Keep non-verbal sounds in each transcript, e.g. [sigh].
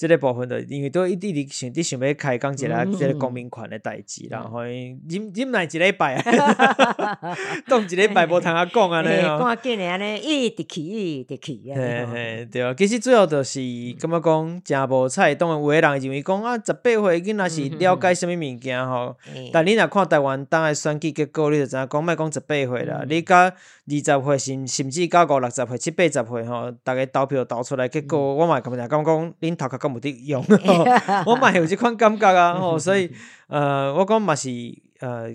即、這個部分就是因為都一直佇想、佇想欲開講一個即個公民權誒代志，啦、嗯。後你、你唔來一禮拜，啊， [laughs] [laughs] 當一禮拜無通啊。講安尼啊咧。關安尼一直去一直去。嘿,嘿,嘿,嘿，對啊，其實最後著是感覺講，誠無彩，當然有人認為講啊十八歲囡仔是了解啥物物件吼。但你若看台灣當嘅選舉結果你就，你著知影講莫講十八歲啦、嗯，你到二十歲甚甚至到五六十歲、七八十歲吼，逐個投票投出來結果我，我嘛感覺講講，恁頭殼.冇啲用，我咪有啲咁感覺啊， [laughs] 所以，誒、呃，我講咪是，誒、呃。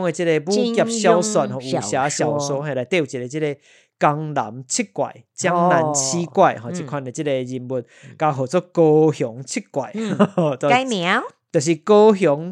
即啲武,武俠小說武俠小說係嚟掉住嚟，嗯嗯、個個江南七怪、江南七怪，即款即啲人物，嗯、加合高雄七怪、嗯呵呵，就是高雄。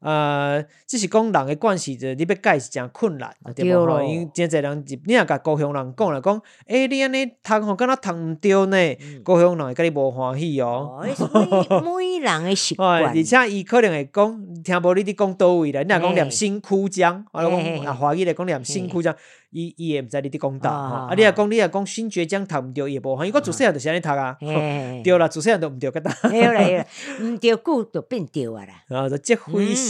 呃，只是講人的關係就你要改是誠困難，啊、對不啦、哦？因真儕人，你若甲高雄人講啦，講，誒，你安尼，讀吼敢若讀毋著呢，高、嗯、雄人會甲你無歡喜哦。所、哦、以，每人的習慣，而且伊可能會講，聽無你佇講叨位啦，你若講念新區章，我講若歡喜咧講念新區章，伊、欸、伊也毋知你佇講叨，啊，你若講你若講新倔江讀毋著伊也無，歡喜，個自細漢着是安尼讀啊，著了，自細漢都毋著噶嗒，好啦好啦，毋著久着變著啊啦，啊，就即、啊啊欸欸 [laughs] 啊、回事。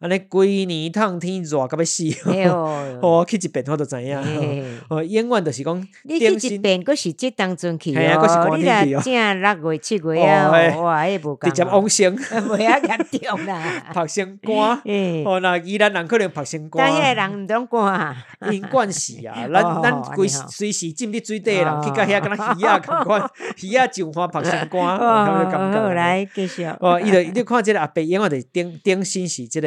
安尼規年透天熱，甲欲死！哦，我去一遍我着知影我永遠着是講，你去一邊，嗰時節當中去，係啊，嗰是講你去哦。正六月七月啊，哇，迄無講直接往生，袂遐嚴重啦，拍身光，哦，那伊咱人可能拍身光，當迄個人唔用啊，因關係啊，咱咱規隨時浸佇水底的人去到遐干呐，魚仔共款，魚仔就花拍身光，我感覺。來繼續，哦，伊着汝看即個阿伯，永遠着是頂頂身時即個。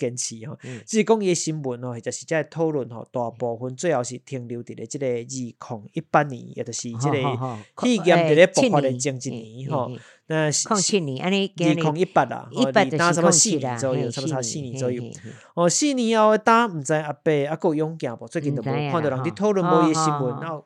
堅持吼，即係講伊誒新聞吼，或者係即係討論吼，大部分最後是停留住咧即係二零一八年，又係即係去年咧爆發嘅前一年吼。嗯嗯那二零一八年，二、啊、零一八啦，二打什麼四年左右，差不多四年左右，吼、哦，四年後打毋知阿貝阿哥用行波，最近著冇看到人哋討論伊誒新聞，然後。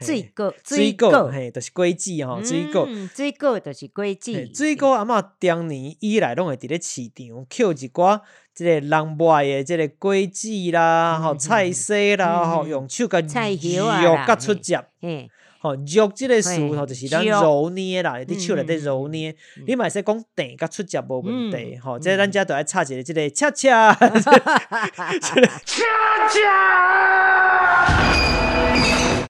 水果水果，嘿，都、就是果子吼。水果水果，都是水果子，水果阿媽當年以來攏會佇咧市場，Q 一寡即個人洋嘅，即個果子啦，吼、嗯、菜色啦，吼、嗯、用手、啊欸、個豬肉甲出汁，吼肉即個素吼，就是咱揉捏啦，啲、嗯、手內底揉捏。嗯、你嘛會使講蛋甲出汁、嗯、無問題，吼、嗯，即咱遮著愛插一個即個恰恰。嗯 [laughs] [laughs] [laughs] 恰恰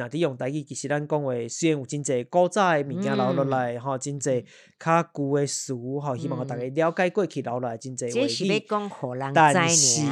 若啲用台語，其實咱講話，雖然有真濟古早誒物件留落來，吼、嗯，真濟較舊誒事吼，希望互逐家了解過去留落來真濟嘢。但是，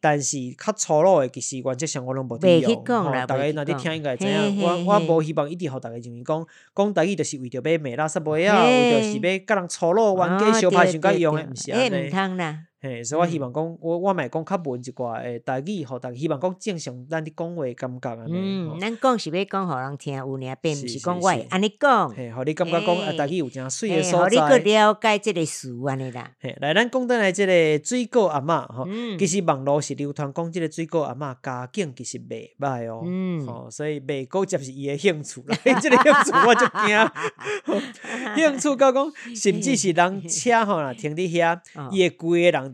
但是較粗魯誒，其實原則上我攏無佇用，吼。逐家若啲聽應該會知影，我我無希望一直互逐家就咪講，講台語就是為着要罵、哦欸、啦，啥物啊？為着是要甲人粗魯，冤家相拍派甲伊用，誒毋是安尼。誒，所以我希望講、嗯，我我嘛講較文一寡誒、欸，大弟逐家希望講正常咱佇講話感覺安尼。咱、嗯、講、喔、是欲講互人聽，有娘並毋是講我會安尼講。誒，互、欸喔嗯嗯，你感覺講啊，大弟有正水嘅所在。互、呃，呃呃呃呃呃、你閣了解即個事安尼啦。誒、呃，呃呃嗯呃呃、咱來咱講倒來即個水果阿嬤吼、呃嗯，其實網絡是流傳講即個水果阿嬤家境其實袂歹哦。嗯。吼，所以袂閣接受伊嘅興趣啦。你即個興趣我就驚，興趣高講，甚至是人車吼啦停佇遐，伊嘅規個人。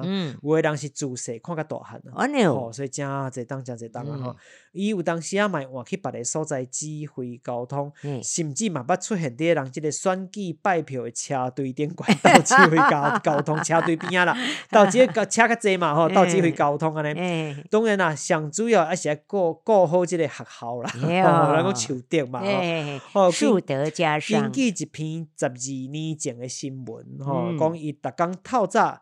嗯，有的人是自細，看個大漢、嗯、哦，所以真啊，這當真這當啊，哈、嗯，伊有當時候也買，換去別個所在指揮交通，嗯、甚至嘛，不出現啲人，即個選舉拜票的車隊點軌道指揮交交通車隊邊啊啦，導 [laughs] 致個車較濟嘛，哦、嗯，導致會交通啊咧、嗯。當然啦，上主要還是喺顧顧好即個學校啦，呵、欸哦，兩個樹德嘛，呵、欸喔，樹德家商。根據一篇十二年前嘅新聞，哈、喔，講伊逐工透早。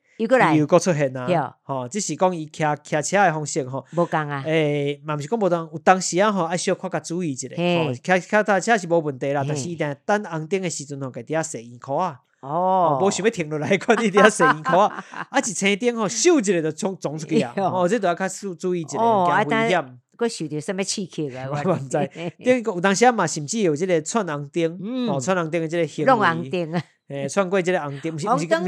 又又擱出現啊！吼、哦，只、哦、是講伊騎騎車誒，方式吼，無共啊！誒，嘛毋是講無共，有當時啊吼，愛小可較注意一下，吼，騎騎跤踏車是無問題啦。但是伊定等紅燈誒時陣吼家己咧洗身軀啊！哦，無、哦、想要停落來，看汝佇底洗身軀啊， [laughs] 啊，啊！一車頂吼，咻一下就衝衝出去啊！我即都要較注注意一下，咁、哦啊、危險。擱受着啥物刺激啊？我毋知。 [laughs] 因為有當時啊嘛，甚至有即個串紅燈、嗯，哦，串紅燈誒，即個行為。誒、欸，串過即個紅燈，唔是唔是唔，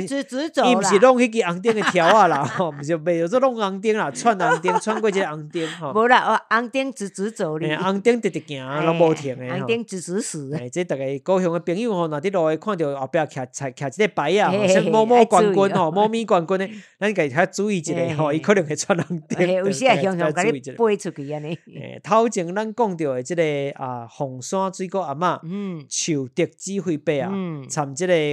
伊唔是，是弄迄個紅燈個條啊啦，吼， [laughs] [laughs] 唔是沒有做弄紅燈啦，串紅燈，串過即個紅燈吼。無、 [laughs] 哦、啦，紅燈直直走哩、欸。紅燈直直行，攏不停誒。紅燈直直死，即逐個高雄個朋友吼，若佇路誒，看到後壁騎騎騎即個牌啊，像某某冠軍吼，某、哦、咪冠軍咧，咱家己較注意一下吼，伊、欸、可能會串紅燈、欸。有時啊，常常較注意一下背出去尼你。頭、欸、前咱講到誒即、這個啊，鳳山水果阿媽，嗯，樹竹子飛白啊，嗯，摻即個。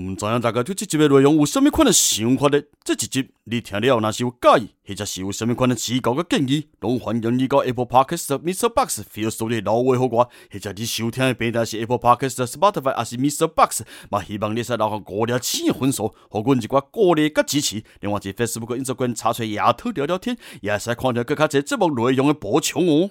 唔知影大家對這集嘅內容有甚麼款嘅想法咧？這一集你聽了後，若是有介意，或者是有甚麼款嘅指教嘅建議，攏歡迎你到 Apple Podcasts、Mr. Box、Facebook 嘅老外伙伴。或者你收聽嘅平台是 Apple Podcasts、Spotify 還是 Mr. Box，嘛？希望你使留個人嘅粉支持。另外，喺 Facebook 嘅 Ins 查詢亞特聊聊天，也使看到更加多節目內容嘅播唱哦。